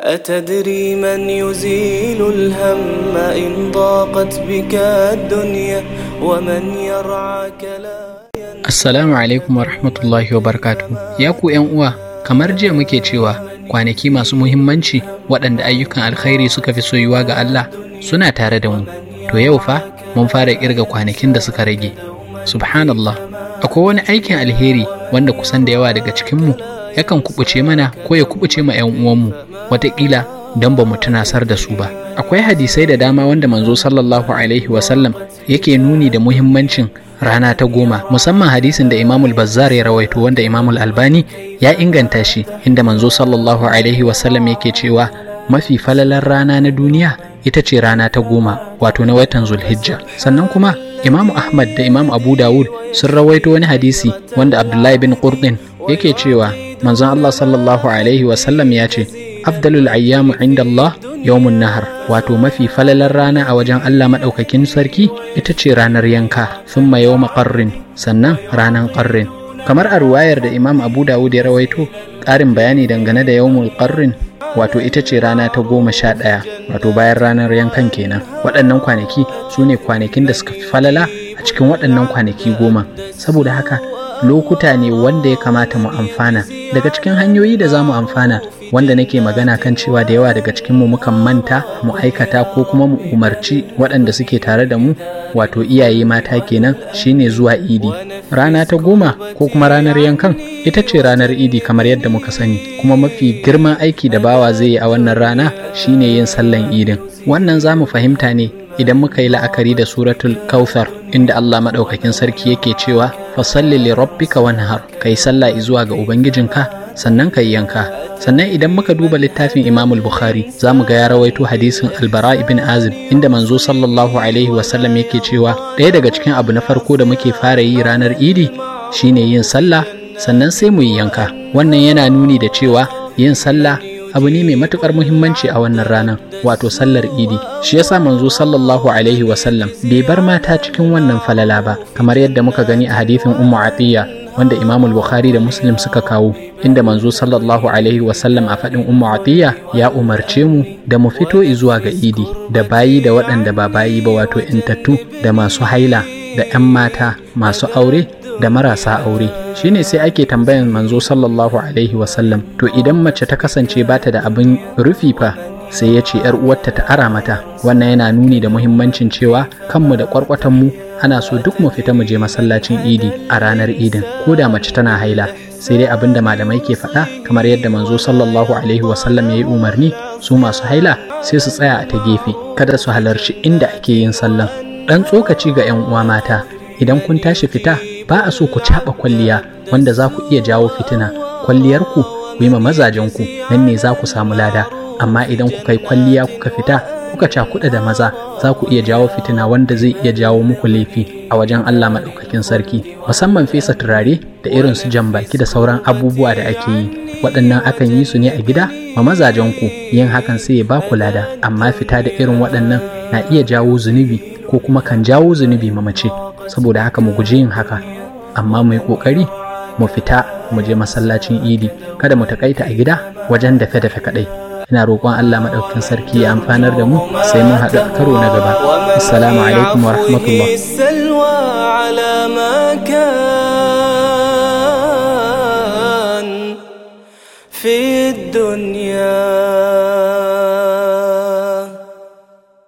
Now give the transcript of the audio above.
أتدري من يزيل الهم إن ضاقت بك الدنيا ومن يرعاك لا Assalamu alaikum wa rahmatullahi wa barakatuhu. Ya ku ‘yan uwa, kamar jiya muke cewa kwanaki masu muhimmanci waɗanda ayyukan alkhairi suka fi soyuwa ga Allah suna tare da mu. To yau fa mun fara ƙirga kwanakin da suka rage. Subhanallah, akwai wani aikin alheri wanda kusan da yawa daga cikinmu yakan kubuce mana ko ya kubuce ma ‘yan uwanmu. watakila don ba mu tunasar da su ba akwai hadisai da dama wanda manzo sallallahu alaihi wasallam yake nuni da muhimmancin rana ta goma musamman hadisin da imamul bazzar ya rawaito wanda imamul albani ya inganta shi inda manzo sallallahu alaihi wasallam yake cewa mafi falalar rana na duniya ita ce rana ta goma wato na watan zulhijja sannan kuma imamu ahmad da imamu abu dawud sun rawaito wani hadisi wanda abdullahi bin qurdin yake cewa manzon allah sallallahu alaihi wasallam ya ce afdalul ayyamu inda Allah yawmun nahar wato mafi falalar rana a wajen Allah maɗaukakin sarki ita ce ranar yanka summa yawma qarrin sannan ranar qarrin kamar a ruwayar da Imam Abu Dawud ya rawaito ƙarin bayani dangane da yawmul qarrin wato ita ce rana ta goma sha ɗaya wato bayan ranar yankan kenan waɗannan kwanaki su ne kwanakin da suka fi falala a cikin waɗannan kwanaki goma saboda haka lokuta ne wanda ya kamata mu amfana daga cikin hanyoyi da za mu amfana wanda nake magana kan cewa da yawa daga cikinmu mukan manta mu aikata ko kuma mu umarci waɗanda suke tare da mu wato iyaye mata kenan shine zuwa idi rana ta goma ko kuma ranar yankan ita ce ranar idi kamar yadda muka sani kuma mafi girman aiki da bawa zai yi a wannan rana shine yin sallan idin wannan za mu fahimta ne idan muka yi la'akari da suratul kauthar inda Allah maɗaukakin sarki yake cewa fasalli li rabbika wanhar kai sallah zuwa ga ubangijinka sannan kai yanka sannan idan muka duba littafin imamul bukhari za mu ga ya rawaito hadisin albara ibn azib inda manzo sallallahu alaihi wasallam yake cewa ɗaya daga cikin abu na farko da muke fara yi ranar idi shine yin sallah sannan sai mu yi yanka wannan yana nuni da cewa yin sallah abu ne mai matukar muhimmanci a wannan ranar wato sallar idi shi yasa manzo sallallahu alaihi wasallam bai bar mata cikin wannan falala ba kamar yadda muka gani a hadithin ummu atiya wanda Imamul Bukhari da Muslim suka kawo inda manzo sallallahu alaihi wasallam a faɗin Ummu Atiyya ya umarce mu da mu fito zuwa ga idi da bayi da waɗanda ba bayi ba wato intattu da masu haila da 'yan mata masu aure da marasa aure shine sai ake tambayan manzo sallallahu alaihi wasallam to idan mace ta kasance bata da abin rufi fa sai ya ce 'yar uwarta ta ara mata wannan yana nuni da muhimmancin cewa kanmu da kwarkwatan mu ana so duk mu fita mu je masallacin idi a ranar idin ko da mace tana haila sai dai abin da malamai ke faɗa kamar yadda manzo sallallahu alaihi wasallam ya yi umarni su masu haila sai su tsaya a ta gefe kada su halarci inda ake yin sallan Dan tsokaci ga 'yan uwa mata idan kun tashi fita ba a so ku caɓa kwalliya wanda za ku iya jawo fitina kwalliyarku ku yi ma mazajenku nan ne za ku samu lada amma idan kuka yi kwalliya kuka fita kuka cakuɗa da maza za ku iya jawo fitina wanda zai iya jawo muku laifi a wajen Allah maɗaukakin sarki musamman fesa turare da irin su jambaki da sauran abubuwa da ake yi waɗannan akan yi su ne a gida ma mazajen ku yin hakan sai ya ba ku lada amma fita da irin waɗannan na iya jawo zunubi ko kuma kan jawo zunubi ma mace saboda haka mu guji yin haka amma mu yi ƙoƙari mu fita mu je masallacin idi kada mu taƙaita a gida wajen dafe-dafe kaɗai ina roƙon Allah madaukakin sarki ya amfanar da mu sai mun haɗu karo na gaba assalamu alaikum wa rahmatullah